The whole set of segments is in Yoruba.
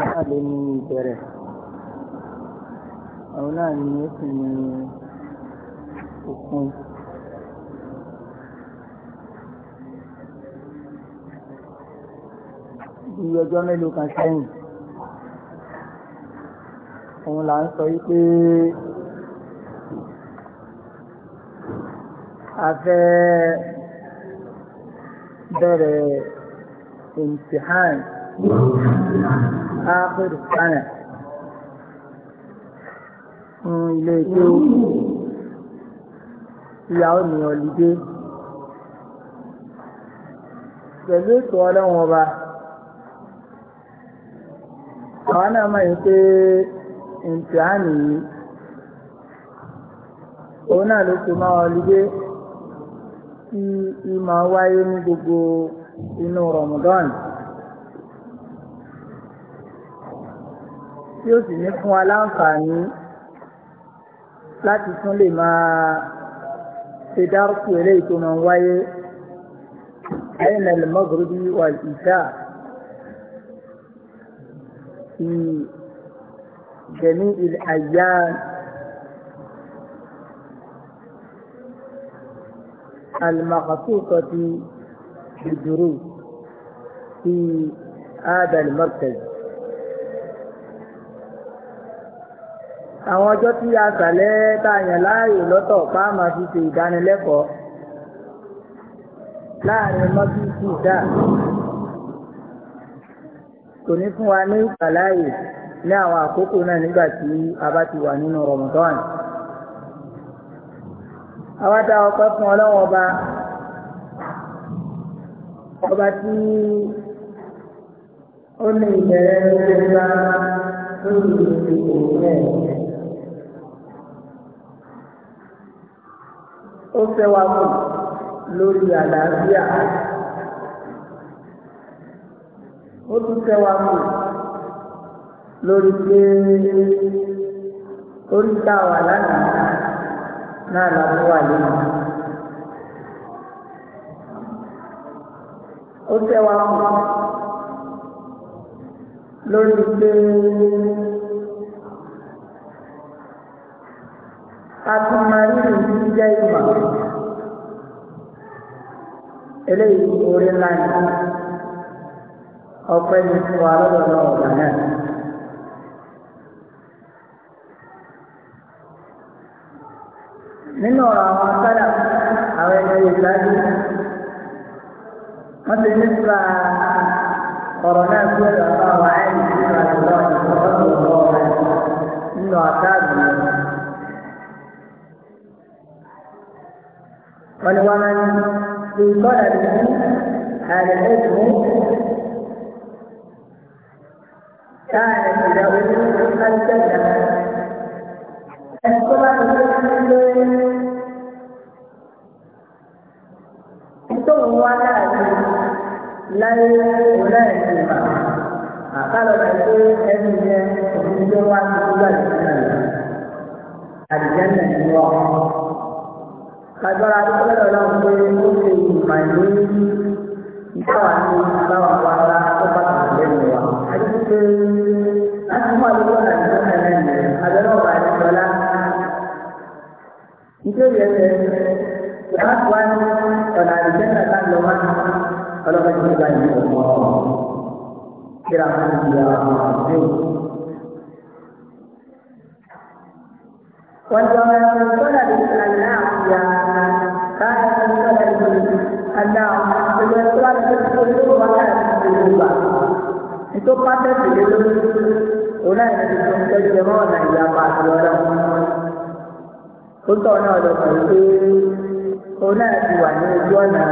rákà lé ní ìbẹ̀rẹ̀ àwọn náà ni ó sì ní òkun. bí ọjọ́ mélòó kan sẹ́yìn òun là ń sọ wípé a fẹ́ bẹ̀rẹ̀ imtihan ápẹ̀rù sáyà fún ilé tí ó ìyàwó ní ọ̀lídé pẹ̀lú ètò ọlọ́run ọba àwọn náà mọ̀ yín pé ìtìhánì yìí òun náà ló fi máa ọlídé tí ìmọ̀ wáyé ní gbogbo inú Ramadan. tí ó sì ní fún wa láǹfààní láti tún lè máa ṣe dárúkú eléyìí tó máa ń wáyé ayinal maghribi wal isha fi jami'il ayyam المخصوصة بالدروس في هذا المركز àwọn ọjọ́ tí a sàlẹ̀ tá a yàn láàyò lọ́tọ̀ pa á máa fi ṣe ìdánilẹ́kọ̀ọ́ láàrin mọ́gìsì dáa kò ní fún wa ní ìgbàláyè ní àwọn àkókò náà nígbà tí a bá ti wà nínú Ramadan àwa dá ọpẹ́ fún Ọlọ́run ọba ọba tí ó ní ìbẹ̀rẹ̀ ní ìgbà lórí ìdíje òun náà. ó fẹ́ wa mọ̀ lórí àlàáfíà ó tún fẹ́ wa mọ̀ lórí pé orí tá a wà lánàá náà la fún wa ó fẹ́ wa lórí pé. atumariri ti jẹ́ ìmọ̀ eléyìí orí ńlá ni ọpẹ́ ní wà lọ́dọ̀ náà ọ̀gá náà. nínú ọ̀rọ̀ àwọn akádà àwọn ẹgbẹ́ ìgbàdí wọ́n ti nípa ọ̀rọ̀ náà tí ó lọ bá wa ẹ̀yìn nípa ìlú ọ̀dọ̀ ọ̀dọ̀ ọ̀rọ̀ nínú akádà قال ومن في طلبه هذا الاسم كانت له الجنة السؤال ثم لا ينادي قال الرسول أن الجنة الجنة الجنة kagbara tó lọ́dọ̀ náà pé ó ṣe ìgbà ìlú ìtawà ní ìbáwà wa la ó bá tà lẹ́nu wa. àti pé láti mú àdúgbò náà ní ọ̀nà ẹ̀mí abẹ́rẹ́ ọ̀bà ìjọlá. ìbéèrè ẹsẹ̀ ìyá wa ní ọ̀nà àdìsẹ́ńtà tá lọ wá ọlọ́pàá ìjọba ìlú ọ̀pọ̀ kíra fún ìyá ọ̀pọ̀ وجعلنا من طلب الأنعام كان من طلب الأنعام ويسرع في القلوب القلوب itu pada dia Orang yang dikongsi semua nak dapat dua orang Untuk nak ada kerja Orang yang buat ni dua nak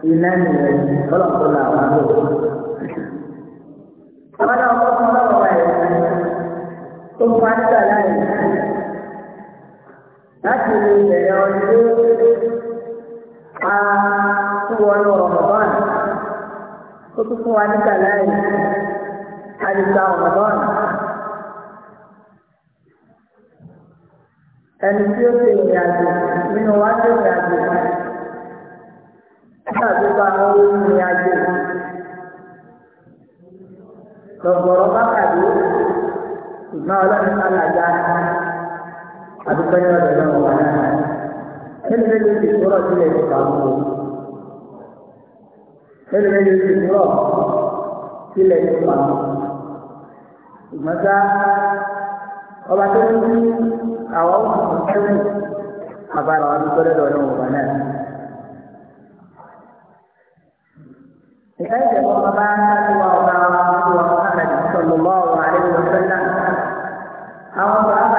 Inan ni lagi Kalau tu lah orang tu Kalau orang tu lah orang lain Tumpah tak lain láti ní ìbẹ̀rẹ̀ ọdún a fún wọn lọ Ramadan ó tún fún wa ní kàláì àdìgbà Ramadan ẹni tí ó ṣe ìrìn àjò nínú wa ṣe ìrìn àjò nígbà tó bá wọn ó ìrìn àjò lọ̀gbọ̀rọ̀ bá kàdé ìgbà ọlọ́run ká làjà adúpẹ́ ní ọ̀dọ̀ náà wà náà ẹni lẹ́yìn oṣù sọ́rọ̀ sílẹ̀ ìkọ̀kà mú o ẹni lẹ́yìn oṣù sọ́rọ̀ sílẹ̀ ìkọ̀kà mú ìgbọ́nsá ọba tó ń bí àwọn ọ̀sán àbára wọn tó lọ́dọ̀ náà wà náà. لذلك وقبان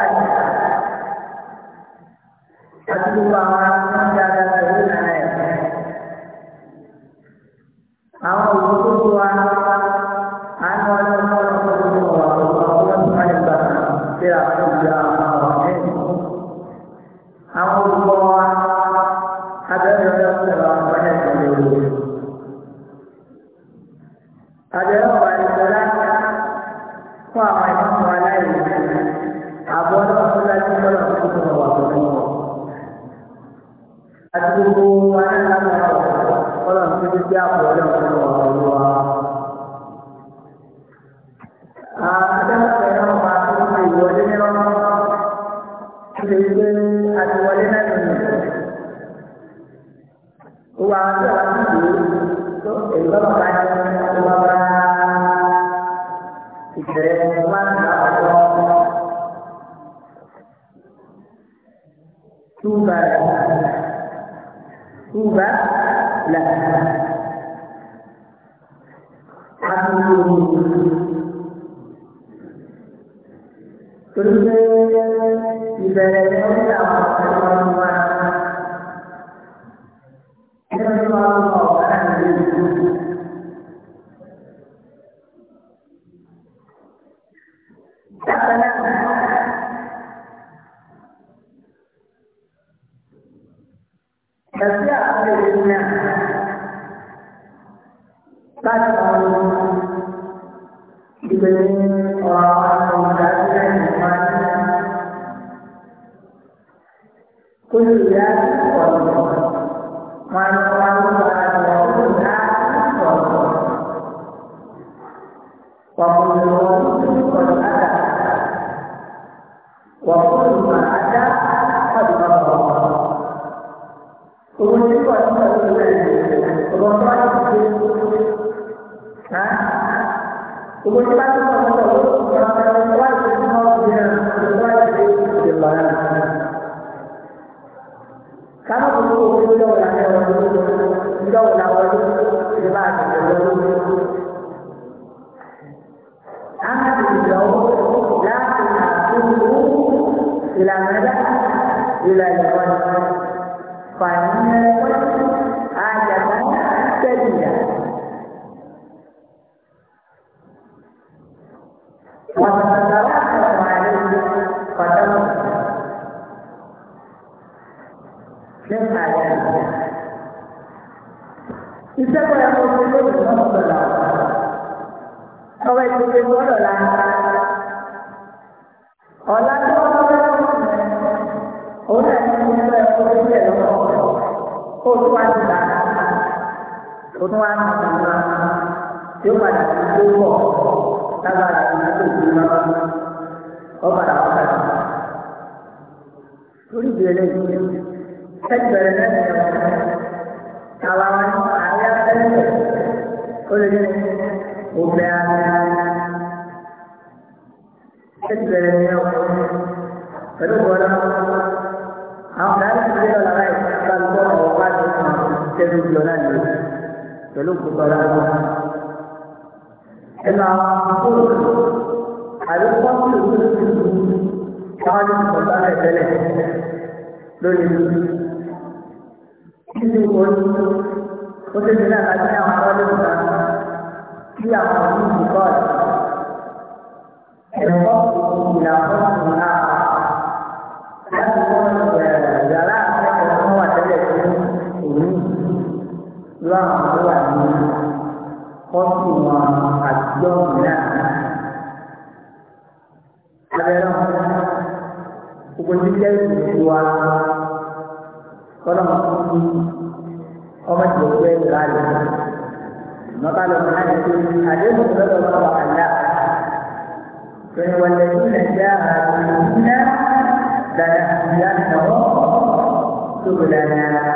يسمع الله عنه kó tó wá ti dàgbà tó tó wá mọ̀ tó wá tó padà tó pọ̀ lágbára tó tó tó wá ọ padà wá padà. Torí ìbéèrè yìí ẹgbẹ̀rẹ̀ lẹ́yìn ọ̀rọ̀ àwa àyà ẹgbẹ̀ ó lè ní òbẹ̀ àyà ẹgbẹ̀rẹ̀ lẹ́yìn ọ̀rọ̀ pẹ̀lú bọ́lá. tó ń lọ láti pẹ̀lú òkúta ọlọ́wọ́. ẹnu àwọn akóso àdúgbò tó ń lò sí ìlú káwọn ní ìkọ̀tà rẹ̀ tẹ́lẹ̀ lórí ìlú. kí ni ìwọ ní ó ti dín náà láti àwọn ọlọ́dún kan kí àwọn ọ̀hún ìdíkọ́ ọ̀dọ́. ẹ̀rọ ìlànà ọ̀hún náà. Thank you láwọn wà ní kọ́sù wọn àtijọ́ mìíràn abẹ́rẹ́ gbogbo jíjẹ́ ìlú wa kọ́lọ́mù tuntun ọmọ tí o gbé ìlú alẹ́ lọ sí láti ṣe àdéhùn lọ́dọ̀ lọ́wọ́ àlá fẹ́ẹ́ wọlé nílẹ̀ jẹ́ àdéhùn dáadáa ìyá ìnáwó tó gbé dáadáa.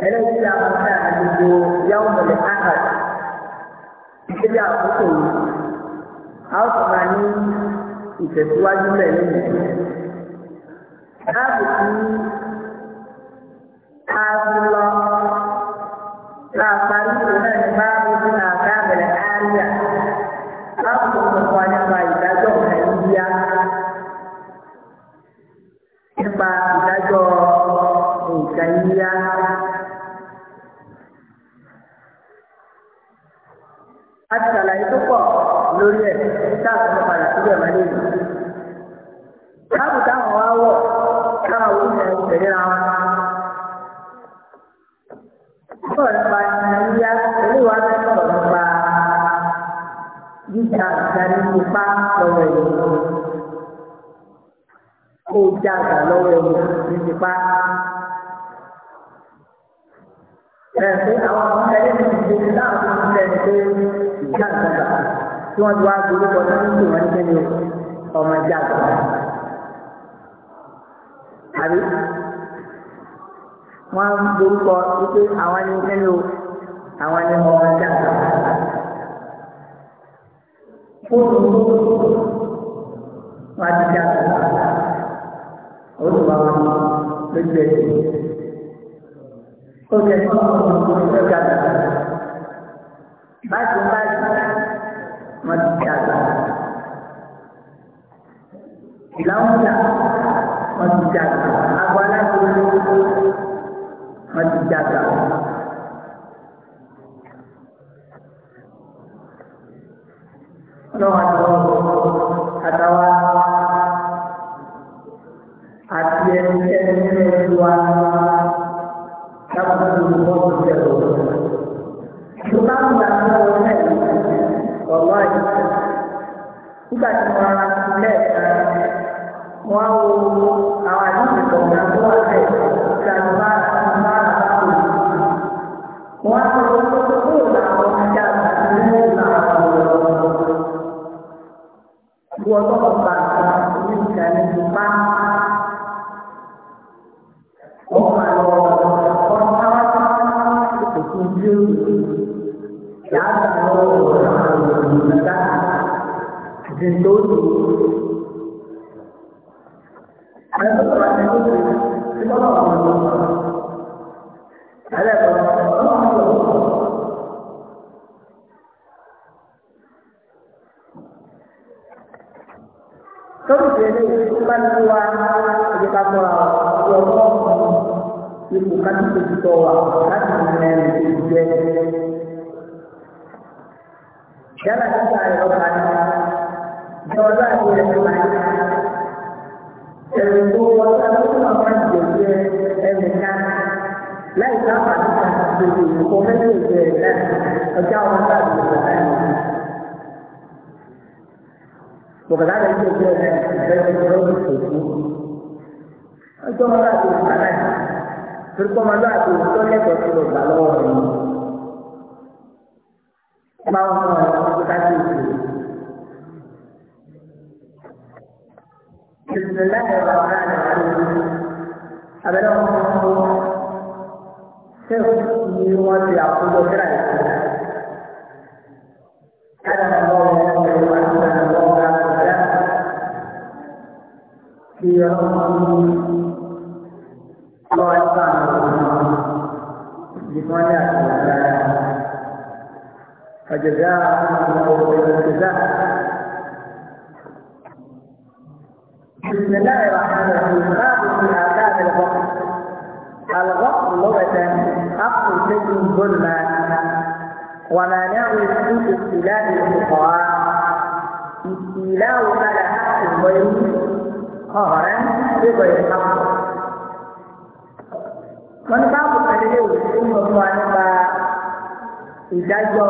eléyìí tí a máa ń tẹ̀ àdúgbò yàwó mọ̀lẹ́ ahad níbi àkókò yìí a ó sọ máa ní ìtẹ̀síwájú mẹ́rin nìyí. Láàbù tí a ń lọ láà parí ìlú náà ní báàbù tí a ká Láàbù tó ń sọ nípa ìdájọ́ ọ̀nà nípa ìdájọ́ nǹkan a ti tó pọ̀ lórí ẹ̀ táàbù tó padà síbẹ̀ wá lé yìí. táàbù táwọn wá wọ̀ táwọn wò ní ẹ̀rù tẹ̀lé ra wọn. sọ̀rọ̀ nípa ìyá olúwa fẹ́ sọ̀rọ̀ nípa jíjà ìjà ní ipá lọ́wọ́ ẹ̀yìn. kó o já àgbà lọ́wọ́ ẹ̀yìn ní ipá. ẹ̀sìn wọ́n ti wá gbogbo tó ó lè fún ọmọ ọmọ tó dàgbà báyìí báyìí wọn ti dàgbà ìlàwùjá wọn ti dàgbà àgbà aláṣẹ wọn ti dàgbà. Ọlọ́run àtàwọn àtàwọn. 而教他们就是爱你。我跟他们就是在这个时候付出，那做么大事不难，只是做么大事做些小事都难了我们。妈妈说：“不担心。”是那个老汉的儿子，他在那说：“这是你我表叔的儿子。” أنا الله يقول أن الله تعالى في رمضان الله سبحانه بصنيعه فجزاء الله خير الجزاء بسم الله الرحمن الرحيم باب في آداب الغفر الغفر لغة أخذ شيء ظلما ومعناه في استيلاء الفقراء استيلاء ما لا حق الغير قهرا بغير حق wọ́n bá kó kẹ́lẹ́ lé òkú mọ̀ fún wa nípa ìdájọ́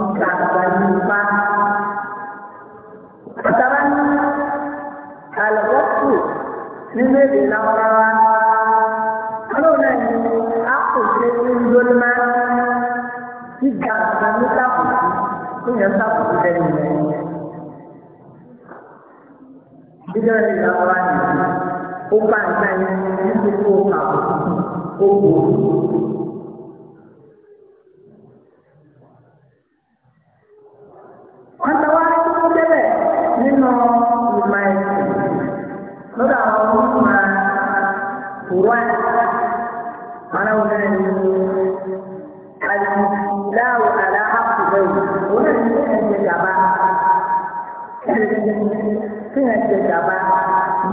nípa àgbàdo nípa. Ọ̀sára ní àlọ́kọ́kù nínú èdè láwọ́ráwá. Ọlọ́run náà ní àpò tí ó ń dóni gíga kan ní sábùkù tó yẹn sábùkù lẹ́nu rẹ̀. Bílẹ̀ rẹ̀ ìgbà wa nìyí, ó bá ìgbà yẹn ní kíkó àbùkù, ó bò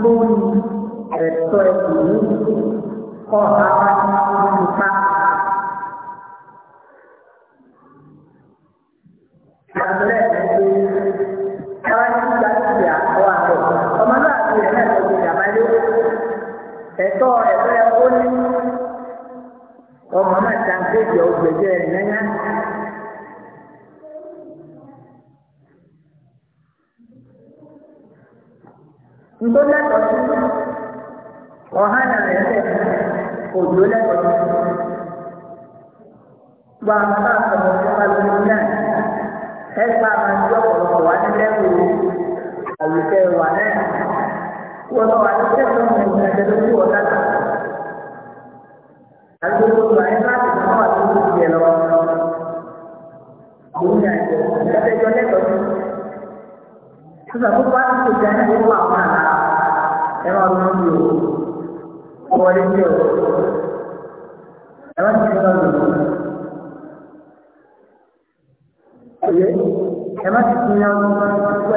gbóhùn bá a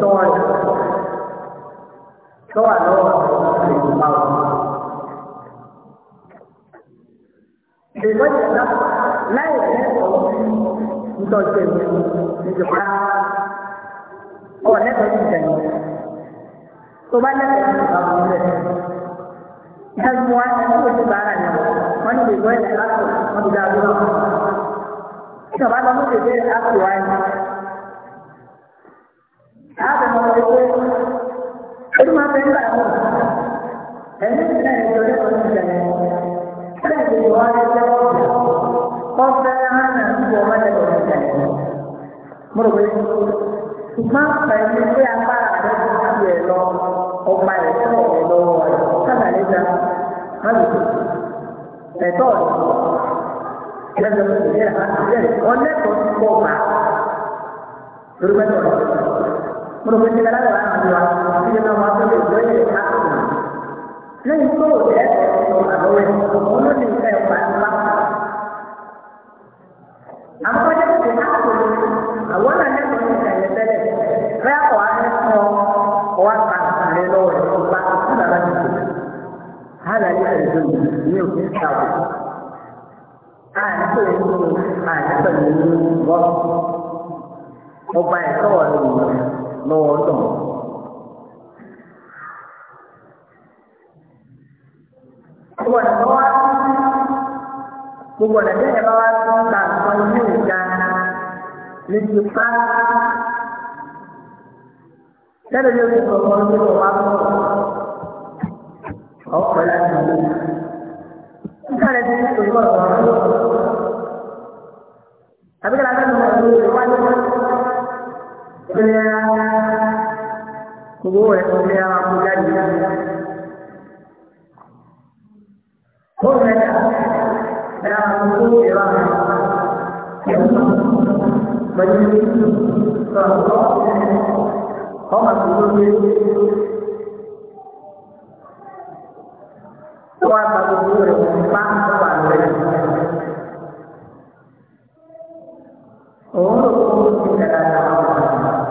tôi tôi luôn thì cũng bao thì có chuyện đó lấy lấy của chúng tôi tìm thì chúng ta ôi hết tôi tìm tôi bắt lấy ở người thân quá của chúng ta là nhiều có những điều quên lại áp dụng có điều gì đâu các bạn có những điều quên áp ààbò máa wọlé pé ojú máa fẹ́ ń gbà mọ́ ẹ̀mí ìlànà ìjọ ní ọdún ìjẹun ẹ̀rẹ́ ìjọba wa lè jẹ́ ọ̀gá wọ́n fẹ́ hánà níbi ọmọ ẹ̀rọ ọdún ìjẹun mo rò pé ṣùgbọ́n pẹ̀lú pé apá rẹ̀ ti ẹ̀ lọ ọgbà ẹ̀ tó ọ̀rọ̀ lọ́wọ́ rẹ̀ sábà lè gba má lè ẹ̀tọ́ ọ̀rọ̀ ẹ̀rọ ọdún ìjẹun ọ̀lẹ́kọ̀ọ́ ti pọ̀ bá lórí mẹ́tọ̀ọ̀rọ̀ profesional agua, así que no va a ser duele de agua. No hay todo de eso, no lo es, uno se dice, para no va. Apa yang kita lakukan, awalnya kita mengkaji tadi, berapa orang yang orang pasang hello, orang pasang dalam itu. Hal ini itu, ini kita tahu. Ah, itu itu, ah, itu itu, bos. Mobile itu orang lọ́wọ́ tán. gbogbo ọ̀nà tó wá gbogbo ọ̀nà tó yẹ wá tó ń nǹkan ilé ìjà ní pa lẹ́nu ní oṣù kọ̀ọ̀kan ló ń wá bọ̀ ọ̀pọ̀ láti ìlú. nígbà rẹ̀ ti ní ìṣòro ọ̀rọ̀ ọ̀rọ̀ àbíkẹ́lá fẹ́ẹ́ lọ́wọ́ ìlú ìwádìí. Gbogbo ẹ̀ ọ̀rẹ́ ara kò jáde. Ó rẹ̀ dà, ẹ̀rọ àwọn tó ìrọ̀ àwọn ẹ̀rọ pẹ̀lú ìṣòro ọmọ tó ló dé. Ó wá gba gbogbo rẹ̀ bá ń bọ̀ àwọn ẹ̀rọ. Òun ló kó o ti tẹ̀lé àwọn ọmọ.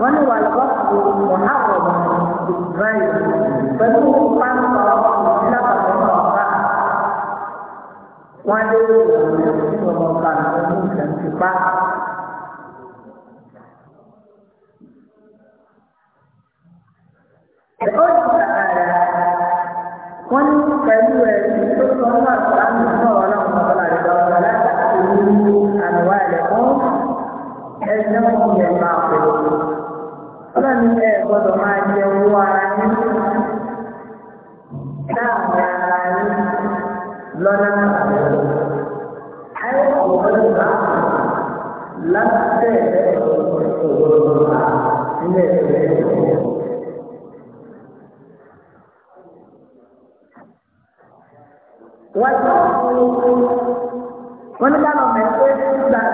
وهو الغرب محرم بالغير فنوه قام لقد وليه ومقام منك انتفاع يقول تعالى كن كبيرا تلك الله سبحانه ولهم ولا ولا تأكلوا أموالكم إنهم يعقلون ọlọ́run ẹ gbọ́dọ̀ máa jẹ owó ara yín láàrin ara yín lọ́nà ayé ọ̀gbọ́dọ̀ bá lásìkò ẹ̀ ọ̀gbọ́dọ̀ bá nílẹ̀ ẹ̀ wọ́n ní ká lọ mẹ́tò ìgbà.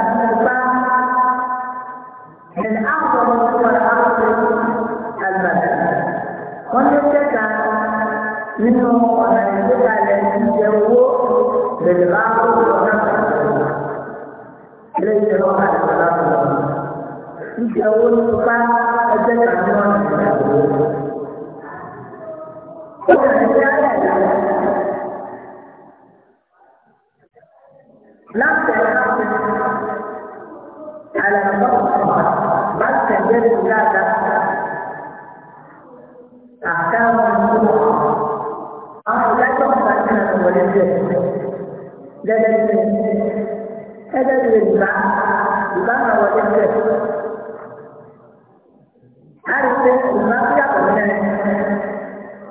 إدراك وتفكير إليه روح الكلام يجاوب سبحان أجل عنوان لا تعتمد على نظر gẹ́gẹ́ bí gẹ́gẹ́ bí ìgbà ìgbà máa wọlé bẹ̀. a lè pe ìgbà tó yàtọ̀ mẹ́rin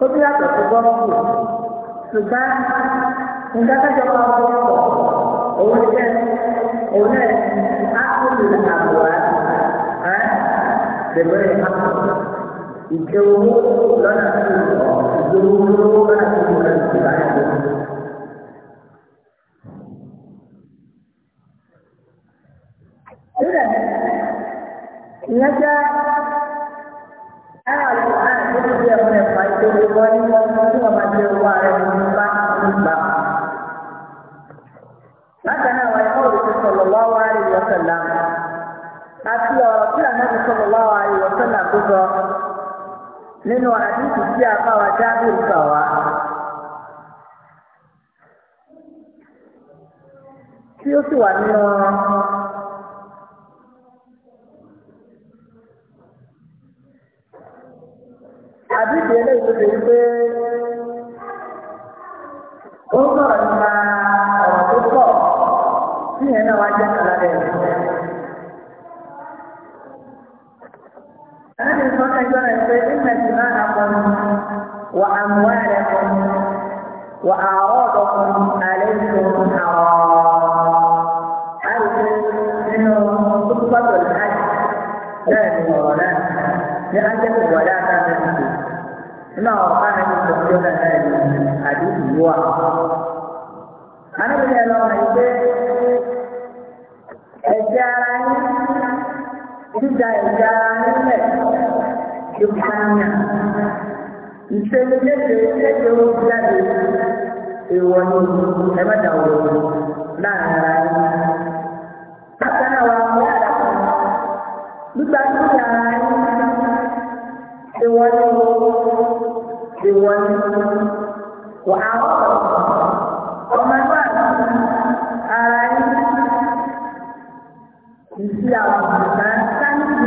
ó tó yàtọ̀ tó gbọ́ fún un ṣùgbọ́n nǹkan kájọ máa wọ ọkọ̀ òun jẹ́ òun náà á kó lè àbúrò á bẹ̀rẹ̀ àpò ìjẹun lọ́nà tó ìjẹun lọ́nà tó ìjẹun lọ́nà tó ìjẹun. nínú àdìsí tí a bá wa jáde ìgbà wa. tí ó sì wà nínú nílẹ̀ ìpànìyàn ìṣèlédè lédè ó jáde ìwọ ni ẹ má dà wọ láàrin ara yín. Bákan náà wà wọ́n yàrá kan nígbà tí yàrá yín ìwọ ni ìwọ ni wà á wọ̀ ọmọ náà ara yín ìṣí àwọn ọ̀sán.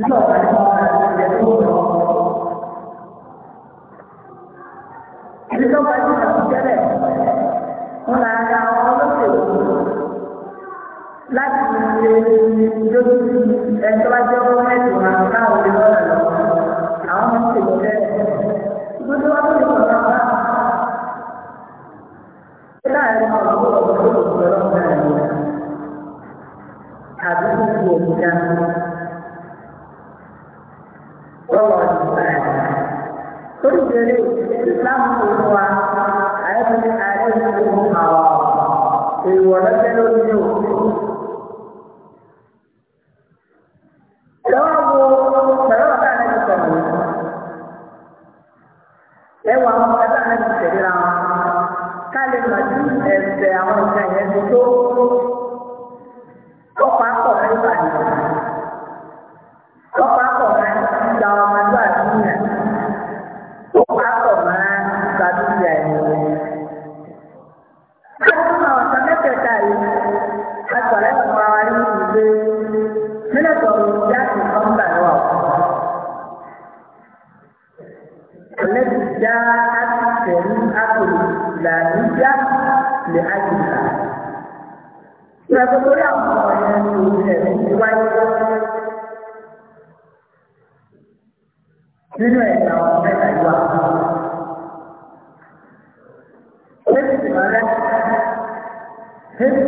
nígbà tí wọ́n bá ti ṣe tó lọ. Ẹni tó bá ti ṣàkóso tẹ́lẹ̀, wọ́n máa ra ọlọ́sẹ̀ láti ṣe lójú ẹni tó bá jẹ́ ọmọ mẹ́tò máa ń bá òun lọ́nà lọ. Àwọn ọmọ ṣèlú tẹ́lẹ̀. Gbogbo wa ló lè sọ̀rọ̀ bá. Ṣé láàárín ọ̀rọ̀ ọ̀rọ̀ ọ̀rọ̀ ọ̀rọ̀ ọ̀rọ̀ responsible for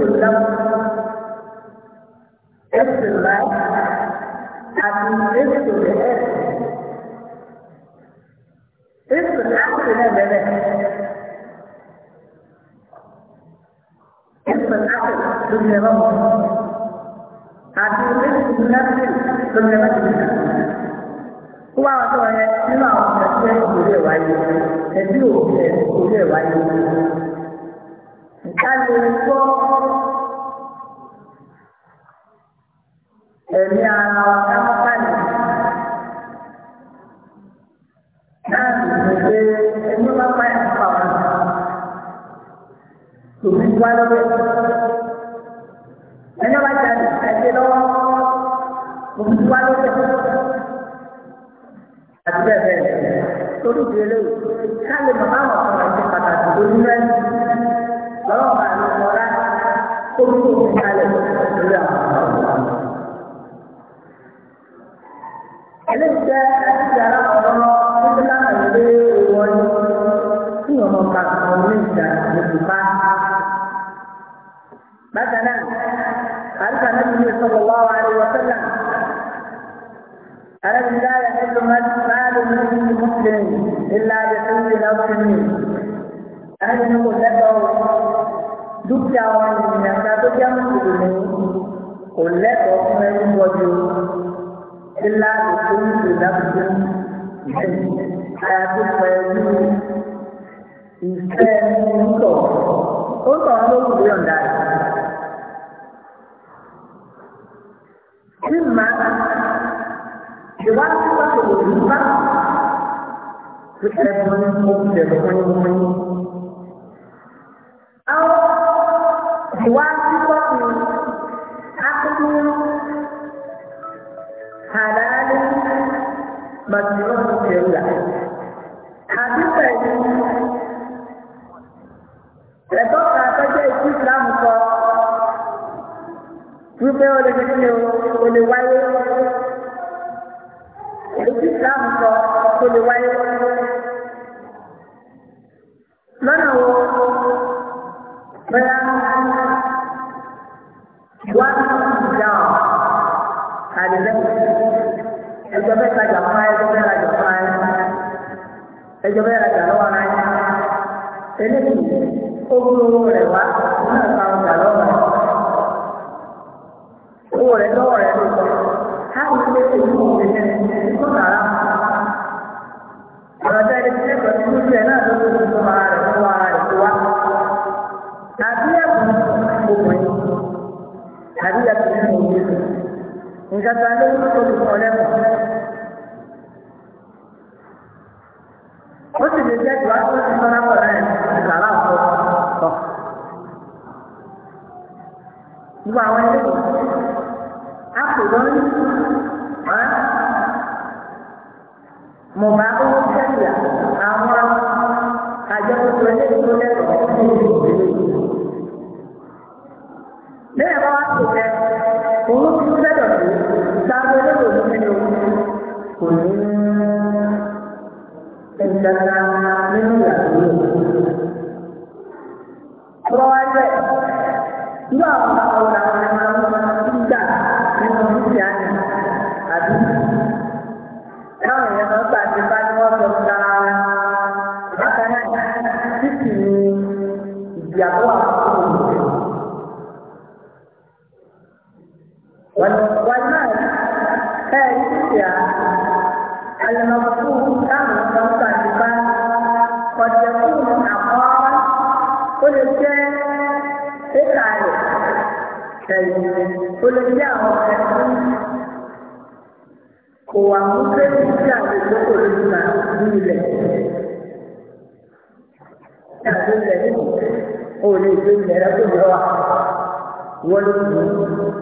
الله اسم الله àti اسم الاسم اسم الاسم لا بلاش اسم الاسم ضمن ربه àti اسم النفس ضمن مجلس هو عطوه nínú àwọn ọ̀sẹ̀ tí ó lè wáyé ẹbí òkè kò lè wáyé ká lè gbọ́ ẹ̀mí ara wa ká má báyìí. Náà sì ní pé ẹni bá báyìí ń pa wọn. Tòmí wá lọ́wọ́. Ẹni bá jáde ẹgbẹ́ lọ́wọ́. Tòmí wá lọ́wọ́. Àti bẹ́ẹ̀ bẹ́ẹ̀ lórí ìdílé ká lè mọ̀ báwọn ẹ̀jẹ̀ pàtàkì lórí rẹ̀. فوقع من صلاة قلت من حالة أليس ترى الله مثل البيع والسيوم مقام منك بالدفاع مثلا عرف النبي صلى الله عليه وسلم ألم لا يحل مال من مسلم إلا بحل لو سنين أهل يقول لك dúkìá wọn ènìyàn ká tó jẹ́ mùsùlùmí kò lẹ́tọ̀ọ́ fún ẹrú bọ́jú ilá ètò ìdàgbàsókè àyàtò pẹ̀lú ìfẹ́ ńtọ̀ ó sọ wọn ló kúrò yọ̀ǹda rẹ̀. Mímà ìwádìí wọ́n ti wò ní bá ẹ̀bùn ní mo ti dẹ̀ fún yín fún مجنون بالله حديث ẹ̀tọ́ kan tọ́jú ètí ìsìlámù sọ wípé o lè kékeré o lè wáyé ètí ìsìlámù sọ o lè wáyé lọ́nà wo bẹ́ẹ̀ wá sí ìjà àdìsẹ́kù ẹgbẹ́ mẹ́ta jà fún ẹ̀ ẹjọ́ bẹ́ẹ̀ rajà lọ́wọ́ ara yá eléyìí ó owó rẹ̀ wá náà ta ọjà lọ́wọ́ owó rẹ̀ lọ́wọ́ rẹ̀ ló sọ káàkiri pé èyí kò lè ṣe tó nàrà ọ̀rọ̀ tẹ́ ẹni tí ẹ̀kọ́ ti tún jẹ náà ló tó tó ara rẹ̀ tó ara rẹ̀ tó wá àbí ẹ̀kún obìnrin àbí ẹ̀kún obìnrin nǹkan tó tó tó tó lẹ́kọ̀ọ́ gbogbo àwọn ẹgbẹ́ a kò lórí mo bá kó sẹ́yà àwọn àjọyọ̀ ẹgbẹ́ tó lẹ́kọ̀ọ́ sí ìlú lẹ́yìn bá wá tó kẹ́ òun ti sẹ́dọ̀ sí sáré lẹ́kọ̀ọ́ ní ẹni òun kò ní ẹ̀ńdàdà nínú ìyá. àdéhùn wa wọ́n ló kù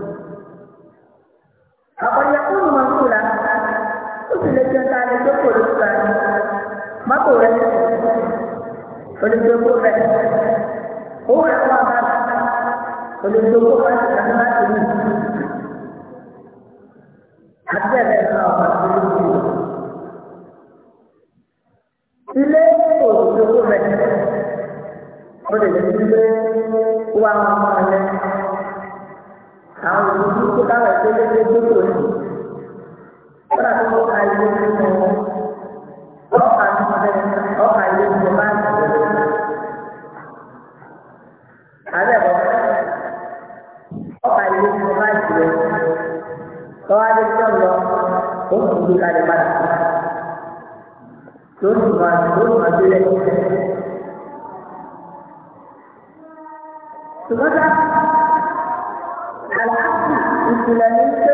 tọ́wá ada contoh, pun tidak ó sì gbé kalẹ̀ padà tó sì máa tó sì máa gbélé. ṣùgbọ́n sá àlàáfù ìpìlẹ̀ ní pé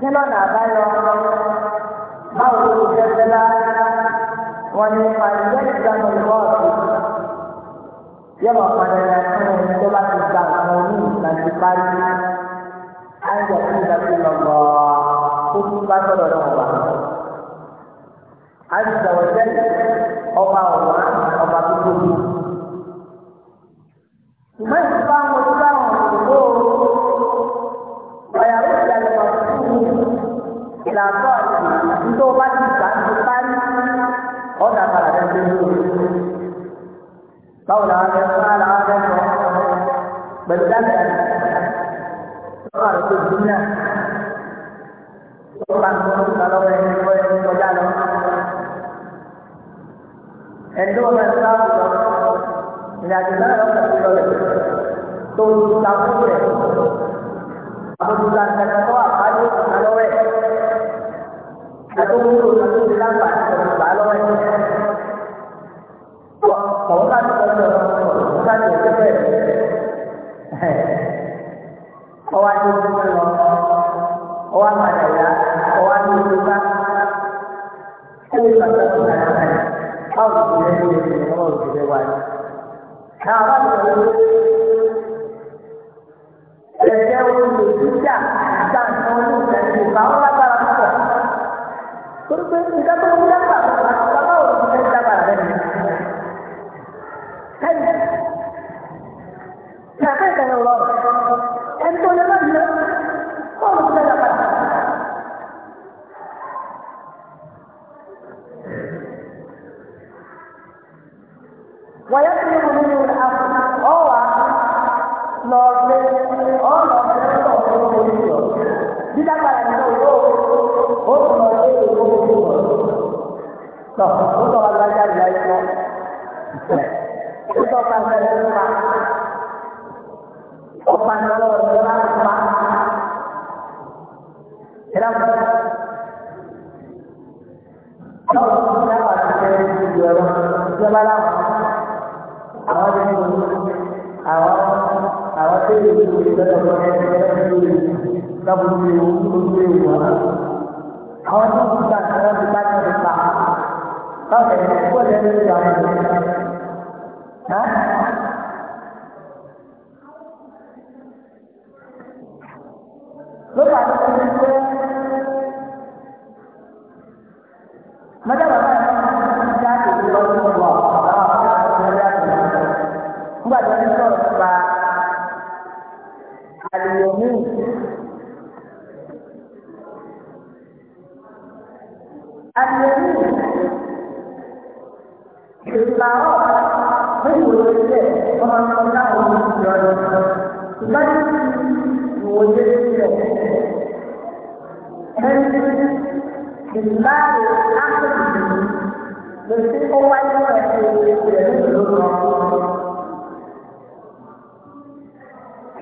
kí lọ́nà àbáyọ báwo ló jẹ́ fẹ́lá wọn ni màlúwẹ́ ìgbàgbọ́ ìwọ́ ọ̀sẹ̀ yọ̀bọ̀ padà yà fún ẹni tó bá ti gba àwọn oní ìtàkì parí ayé àti ìdàgbé lọ́gbọ̀ tó tún bá sọ̀rọ̀ náà wà. àìsàwọ̀ jẹ́ ọba ọ̀wá ọba tó tóbi. ṣùgbọ́n ìfipá wọn tó bá wọn kò tó belakang untuk pastikan depan oh dah salah dan dulu kau dah lah, ada salah dan berdasarkan soal lah, itu dunia Tuhan lah, kalau yang boleh kita jalan Hendu mengatakan Menjadi mana orang tak boleh Tuhan tak boleh Apa tu dan kata-kata tó wúlò tó ti láǹfààní ọ̀rọ̀ gbà lọ́wọ́ ẹ̀. Kọ̀wé láti sọ pé ọ̀rọ̀ láti ẹ̀jẹ̀ bẹ́ẹ̀. Ọwọ́ adé ojú lọ, ọwọ́ àgbàdo.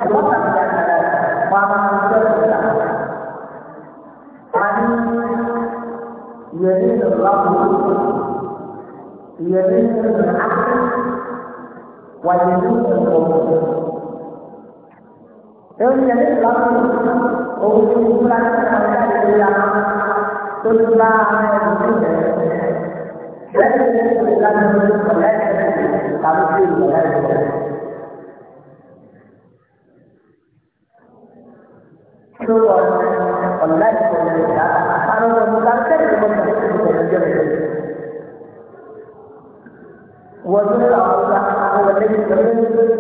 الوطن كان ثلاثة وعمل مسجد ثلاثة عن يمين الله يمين العقل ويمين القلوب Nếu như biết lắm cũng như chúng ta đã làm ra được là tương la hay là vấn đề đấy là những người làm được và đấy là những người làm được شروع والله أنا المكافر وذكر الله والذي يؤمن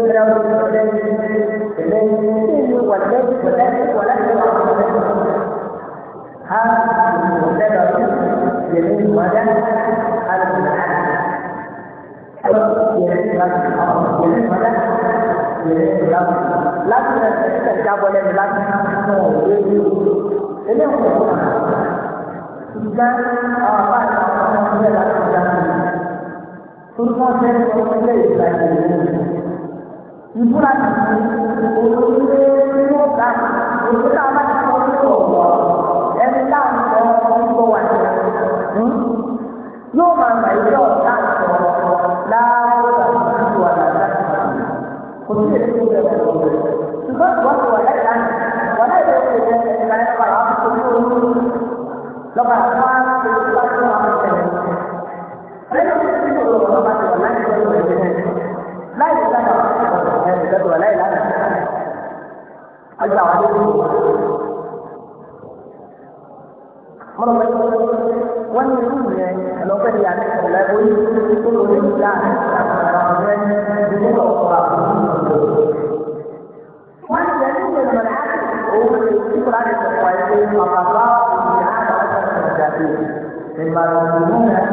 له والذي يؤمن والذي وذلك ولكن هذا المعتبر يمين وذلك هذا المعنى يمين وذلك ìrìn láti láti rẹ̀ jábọ̀ lẹ́nu láti fún òwe yìí o. Eléyìí kò fún Ìgbà àwọn àbá àti àwọn ọmọ ọmọdé láti fi dáná yìí. Turúmọ̀ ṣe ń sọ ilé ìgbà ìrìn ìlú. Ìbúra ti fi olóyè tó ga òṣèlú àwọn bá ti sọ ní ọ̀wọ́ ẹni táwọn sọ orúkọ wà ní ọ̀hún. Yóò máa gbà ilé ọ̀tá àtọ̀ láàárọ̀ àti ìwà làbẹ́. خصوصا سبب وهو الآن ولا يوجد إلا يقع الصدور لما أخوان في الصدور عن الجنة لا يوجد الله ولا يوجد لا يوجد ولا يوجد أجل عليكم مرة wọ́n ní irú yẹn ẹlọ́fẹ́ ni àti ìṣẹ̀lẹ̀ oyè tó lò ní ìlà àtàwọn ẹni tó lọ fún àbúrò wọ́n ní ìyẹn ní ìyẹn mọ̀lẹ́ owó lè ti kúrò àti ìṣẹ̀lẹ̀ ọ̀pá ẹgbẹ́ ọ̀pá bá ìyá àtàwọn ẹ̀ṣẹ̀ ìjàdé ìlú náà.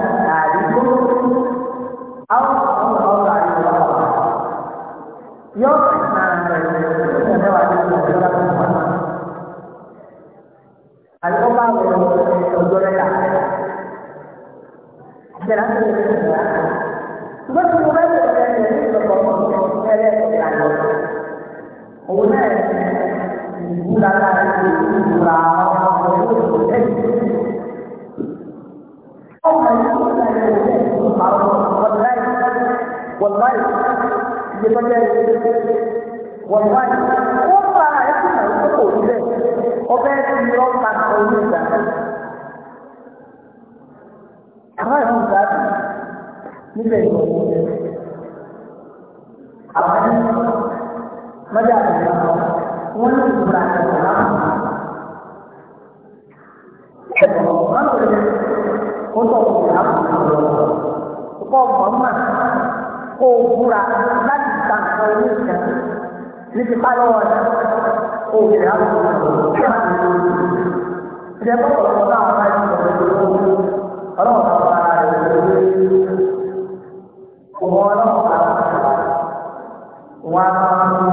quatro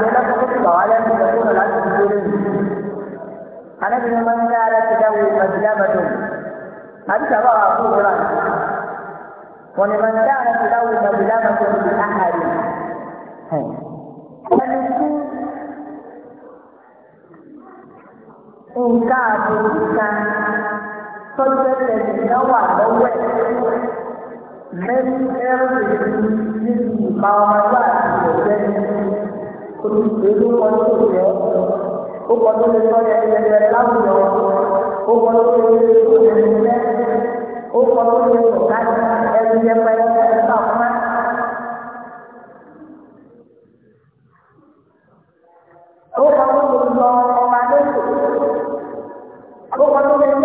لكم تطبع على أن تكون العبد بدونه عن ابن من كانت له مظلمة حتى رأى كبرا ولمن كانت له مظلمة لأحد nǹkan àbòrò kan tó tẹ̀lé ìdánwà lọ́wọ́ ẹ̀ mẹ́rin ẹ̀rọ ìlú nínú ìbá ọmọdé àti ìgbẹ́ni kò ní ìlú kọjú tó yẹ ó kọjú lè tọ́ yẹ ẹgbẹ̀rẹ̀ láwùjọ ó kọjú lè lè tó yẹ ẹgbẹ́ ó kọjú lè tó ká ẹni yẹ pẹ́ ẹ̀ka ọ̀kan. ó kọjú lè lọ ọba lẹ́kọ̀ọ́ ó kọjú lè lọ ọba ọ̀kan lẹ́kọ̀ọ́.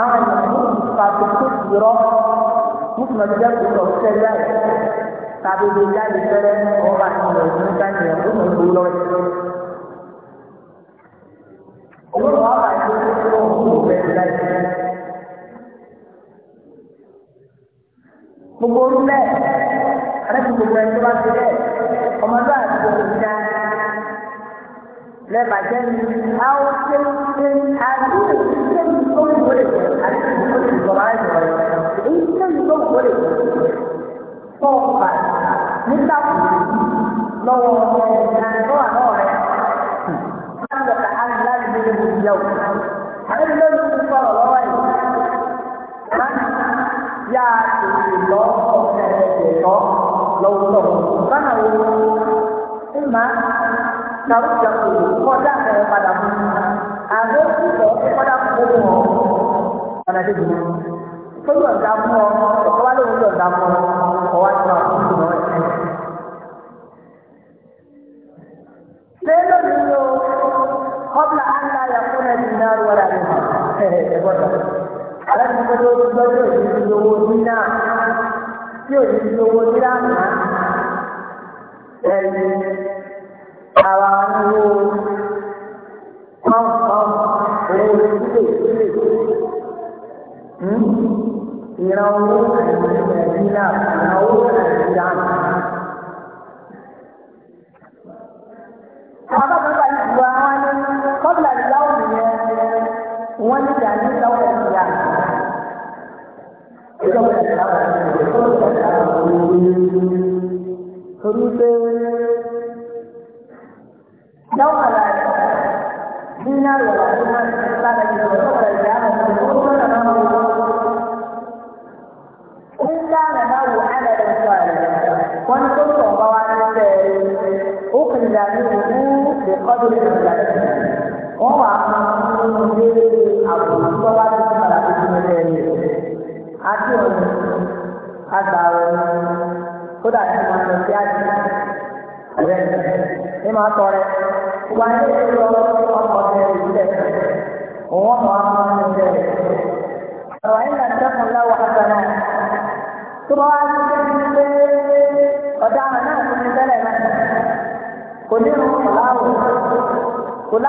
àwọn ènìyàn ń fa tó tó ìrọ́ nípa ìjẹ́ ìlọ̀ṣẹ́ láì tàbí lè jáde fẹ́rẹ́ ọba ìyẹn òní káyọ̀ tó ń gbó lọ sí. Olóòwò ọba ìyẹn tó ń gbó òun bẹ̀ láti. Gbogbo orú bẹ́ẹ̀, àrẹ́kù gbogbo ẹni tó bá ti bẹ́ẹ̀, ọmọdé àti òkúta lẹ́bàá jẹ́ ní àwọn ṣe ń ṣe àdúgbò ṣe ń tó ń wọlé àti ìgbòho ìgbòho àìsàn rẹ̀ èyí ṣe ń tó ń wọlé tọ́ọ̀bà nígbà tó lọ́wọ́ ọ̀rẹ́ ìlànà tó tó yọ̀ǹda fún ọ ọkọ wa lóun yọ̀ǹda fún ọ ọkọ wa tó àwọn ọmọ ìlú ọ̀sẹ̀. ṣé lónìí ni o kọ́bla àńlá yàtọ̀ náà ti náà wọ́n rà nípa ẹ̀ gbọ́dọ̀. àlẹ́ ti gbọ́dọ̀ ó ti gbọ́dọ̀ òní ti ní náà tí òní ti lówó ní láàmú. ẹ̀yin àwa ń wo owó ilé ilé ìran owó àìmọ̀ nàìjíríà ìran owó nàìjíríà. àwọn bàbá yìí gba wọn ní kọ́bìlà ìyáwó nìyẹn wọ́n ní ìyá ní ìyáwó nàìjíríà. ìjọba ìjọba ìjọba ìjọba torí pé yáwó àlàyé ní náà yọ̀ ìdánilòwú lè kọ́jú lè gbà lẹ́yìn. Wọ́n wà á máa ń mú un dé àbùkù tó bá ti ti padà tuntun ní ẹ̀yẹ. Àti ọ̀nà agbára ẹni kódà tí wọ́n lọ sí àjẹ́ rẹ̀ ní máa tọ́ rẹ̀. Wà ní ìlú ọkọ̀ rẹ̀ ìbílẹ̀ òun ọ̀nà àwọn ọmọ ẹgbẹ́ rẹ̀. Ọ̀rọ̀ yìí là ń dẹ́kun lọ́wọ́ àgbà náà. Tó bá wá sí pé ọ̀daràn náà tó ti tẹ́lẹ̀ kò ní ìrún kò láwọ̀ kò a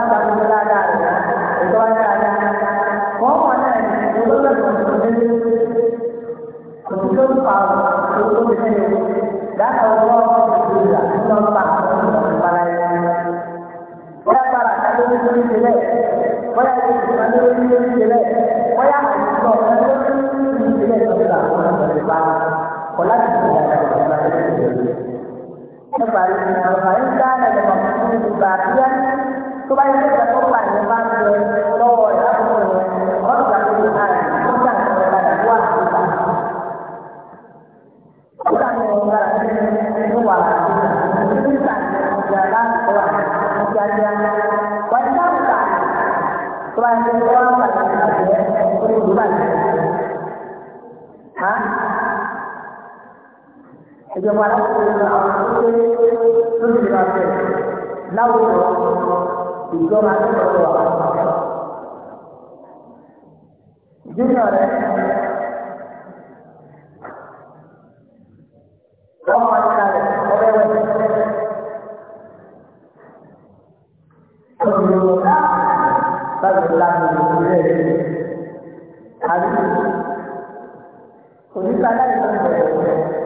وجود الحلم ذاك الله جل إن الله الملائكة ولا ترى كلمة من جلاله ولا تسمع من جلاله ولا تسمع من جلاله ولا تسمع من جلاله ولا تسمع من جلاله فإن كان المقصود باقيا ọ̀rọ̀ àtẹ̀wọ̀ wà. Júnior rẹ̀ ọmọ ìka rẹ̀ ọ̀rẹ́wẹ̀. Olùdó láti lánà ìdílé rẹ̀ àbí oníkàlá ìlànà ìrẹ̀wẹ̀.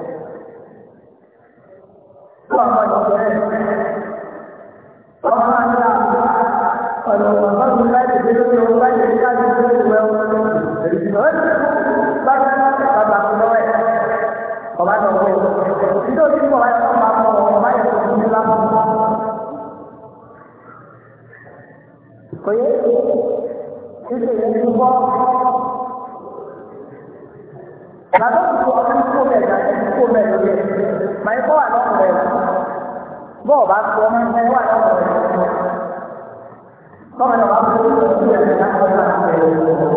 Vamos a ọmọ va a lọ́wọ́ rẹ̀ la la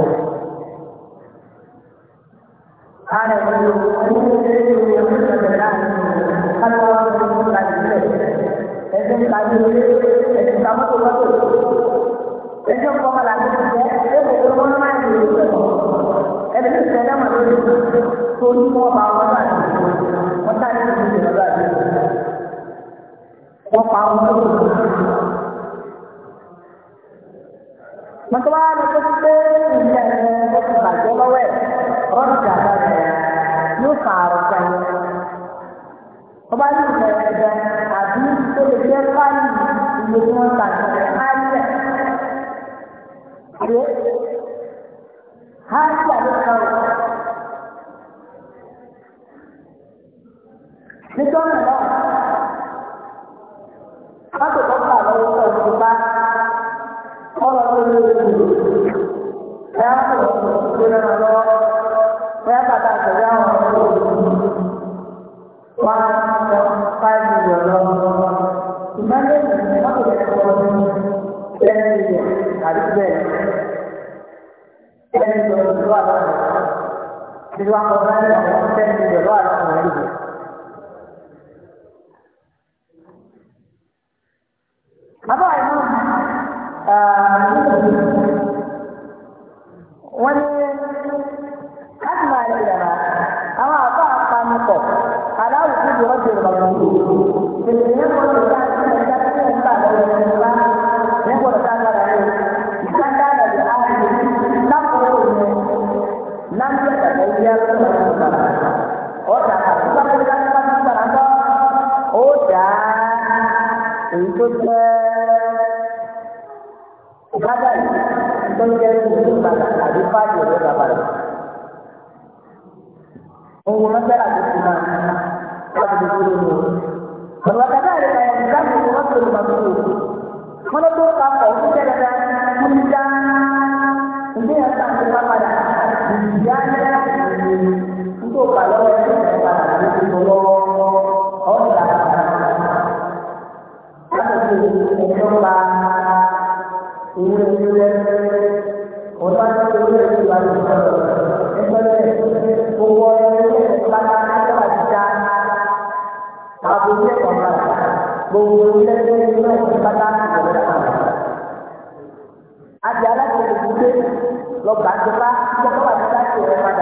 mọ́tò tó kà lọ́wọ́ sọ ìdìbò bá ọ̀rọ̀ tó lé ewu ẹ̀yà tó lè lọ́nà lọ́wọ́ ẹ̀yà bàtà àtẹ̀wé àwọn ọmọ wọn one point five million lọ́wọ́ ìmọ̀lẹ́ ìlú mọ́tò tó kọ́ lọ́wọ́ ten million àti bẹ́ẹ̀ ten million lọ́wọ́ àlọ́ ìlú àkọ́kọ́ ní ọ̀wọ́ ten million lọ́wọ́ wọ́n ní láti máa rí ìyàrá àwọn àbá àpamọ́pọ̀ aláwùjọ ìjọba ti rọ̀ lọ́wọ́ fallo mengumpulkan semua kesempatan kepada Allah. Adalah yang dibutuhkan, lo bantulah, kita berbicara dengan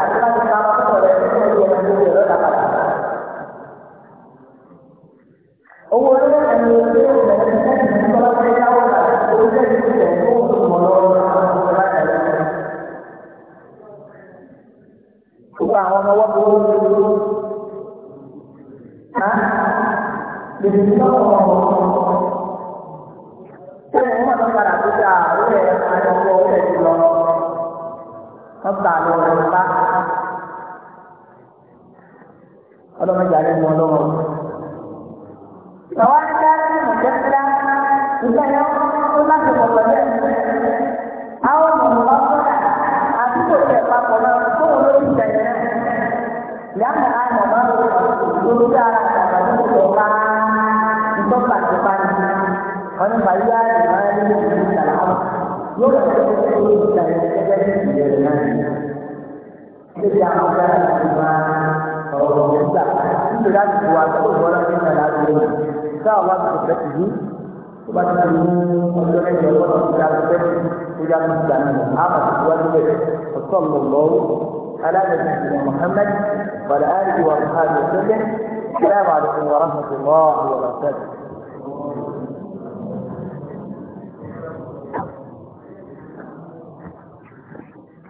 ثلاث واقع ولا من ثلاث ليلة ساعة واقع تكتبه وبعد أن يقولون أن يقولون إلى المسجد إلى المسلمين عقد والبيت وصلى الله على نبينا محمد وعلى آله وأصحابه وسلم السلام عليكم ورحمة الله وبركاته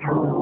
Thank you.